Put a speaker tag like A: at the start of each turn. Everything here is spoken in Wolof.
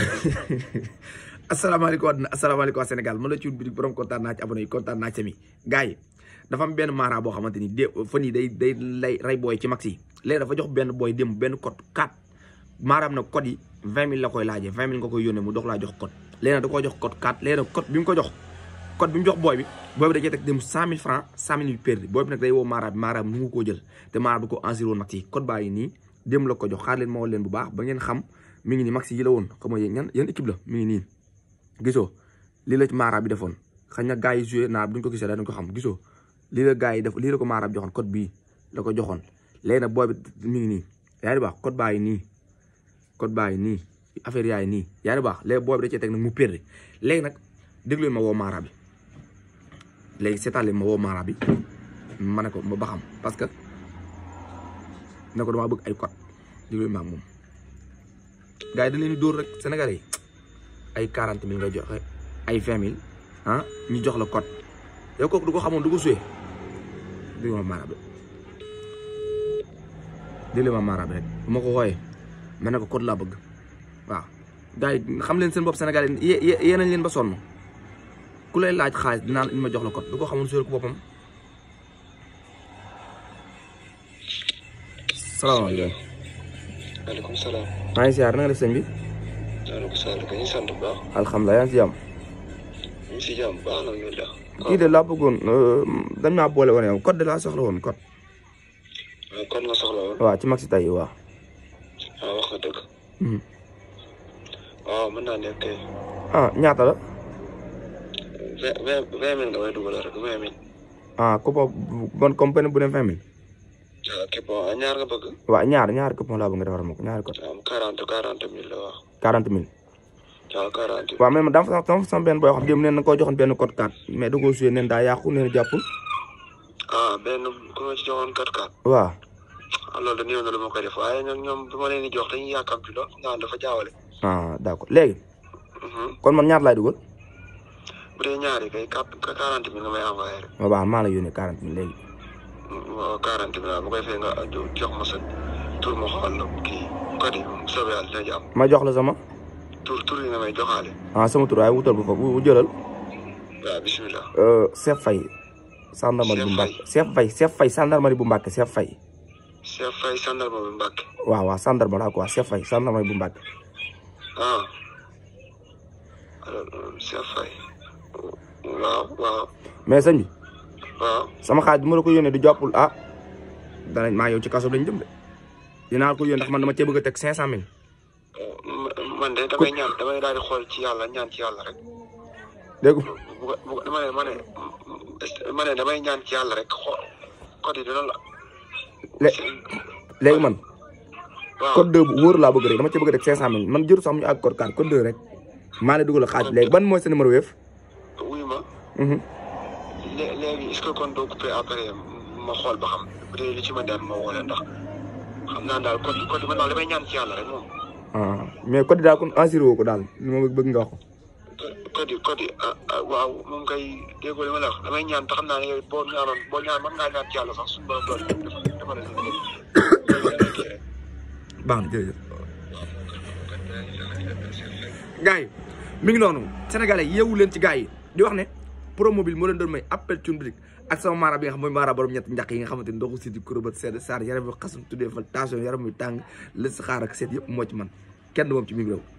A: asalaamaaleykum àdduna asalaamaaleykum waa Sénégal man la ci wut bitik borom kontaan naa ci abonné yi kontaan naa dafa am benn mara boo xamante ni dé fan yi day day lay rey booy ci max yi léegi dafa jox benn booy démb benn code 4 maaraam na code la koy mu dox laa jox code léegi nag da koo jox code 4 léegi nag code bi mu ko jox code bi mu jox francs 100000 bi perdu booy bi nag day woo mara bi mara bi jël te mara ko enregistré woon max baa nii démb la ko jox xaar leen ma woo leen bu baax ba ngeen xam mi ngi nii max si la woon xam nga yan yan équipe la ngi nii gisoo lii la ci maara bi defoon xañ na gars yi joué naa duñ ko gisee dañ ko xam gisoo lii la gars yi def lii la ko maara bi joxoon code bii la ko joxoon léegi nag boobi mi ngi nii yaa ngi baax code baa yi nii code baa yi nii affaire yaay nii yaa baax léegi boobi da cee teg mu péré léegi nag déglu ma woo maara bi léegi seetaan ma woo maara bi ne ko ba xam parce que ne ko damaa bëgg ay code déglu ma ak moom gars yi da leen dóor rek Sénégal yi ay quarante mille nga joxe ay vingt mille ah ñu jox la code yow kooku du ko xamoon du ko suyee déglu bu ma ko xooyee ma ne ko code laa bëgg waaw gars xam leen bopp Sénégal nañ leen ba sonn ku lay laaj xaalis dinaa ma jox la code du ko xamoon suyee ko boppam. salaamaaleykum. maaleykum salaam. maa ngi nga def sëñ bi. yaa
B: ngi si jàmm. ñu ngi baax na ñu la.
A: kii de laa bëggoon euh, dañ naa boole woon yow code de laa soxla woon code.
B: Ah, nga soxla woon. waaw
A: ci Maxi tey waaw.
B: Ah, wax nga dëgg. waaw hmm. ah, mën naa nekk kay. ah ñaata la. vingt vingt nga may dugal rek vingt
A: ah ku bu ne vingt
B: coupon ah, ñaar nga bëgg.
A: waaw ñaar ko coupon laa bëgg ko ñaar ko. Ah, waaw quarante ah, quarante booy xam na koo joxoon benn code carte mais da koo suyee nee na daa yàqu nee na jàppul.
B: ah benn ku joxoon code
A: carte. loolu
B: de néew na lu koy def waaye ñoom ñoom bu ma leen di jox dañuy yàkkamti lool naan dafa jaawale.
A: ah d' accord léegi. Mm-hmm. kon man ñaar laay dugal.
B: bu dee ñaar yi kay quarante mille nga may
A: envoyé rek. waaw maa la yónnee
B: quarante bi bu koy fay nga jox ma sa tur ma xool kii
A: code yi bu soobee yàlla dina ci am. ma jox la sama.
B: tur tur yi nga may joxaale.
A: ah sama tur waaye wutal bu fa bu jëlal.
B: waaw bisimilah.
A: Euh, Cheikh Faye. gendarmerie bu Mbàkke Cheikh Faye Cheikh Faye gendarmerie bu Mbàkke Cheikh Faye.
B: Cheikh Faye gendarmerie
A: bu Mbàkke. waaw waaw gendarmerie laa ko wax Cheikh Faye gendarmerie bu Mbàkke. ah alors euh, Cheikh Faye waaw waaw. mais sëñ bi. sama xaalis mu ma la ko yónnee du jopul ah dana ma yow ci kasso bi lañ jëm de ko yone ndax man dama ci bëgg tek 500000
B: man de damay ñaan damay daal di xol ci yalla ñaan ci yalla rek. dégg dama ma ne mané ne ma damay ñaan ci yalla rek xool code yi dina la.
A: léegi man. waaw code deux bu wóor laa bëgg rek dama ci bëgg tek 500000 man jëru sama ñu àgg code quatre code deux rek mané ne dugal xaalis ban moy sa numéro wéef. wuy ma.
B: léegi est-ce kon doo coupé après ma xool ba xam li ci ma daal ndax xam naa daal code code man daal damay ñaan ci yàlla rek moom.
A: Ah, mais code daal kon assuré woo ko daal li ma bëgg nga wax ko.
B: code code ah, ah, waaw moom kay déggoo li ma la wax damay ñaan taxam naa ne yow boo ñaanoon boo ñaan mën ngaa ñaan ci yàlla sax suñu borom doole dafa dafa la
A: baax na jërëjëf. gars yi ngi noonu sénégalais yeewu leen ci gars yi di wax ne. promobile moo leen doon may appel cun brique ak sama maara bi nga xam mooy maara ñett njaq yi nga xamante ni ndoxu sidi saar yaram bi xasum tuddee fa yaram bi tàng lës xaar ak seet yëpp moo man kenn moom ci mi réew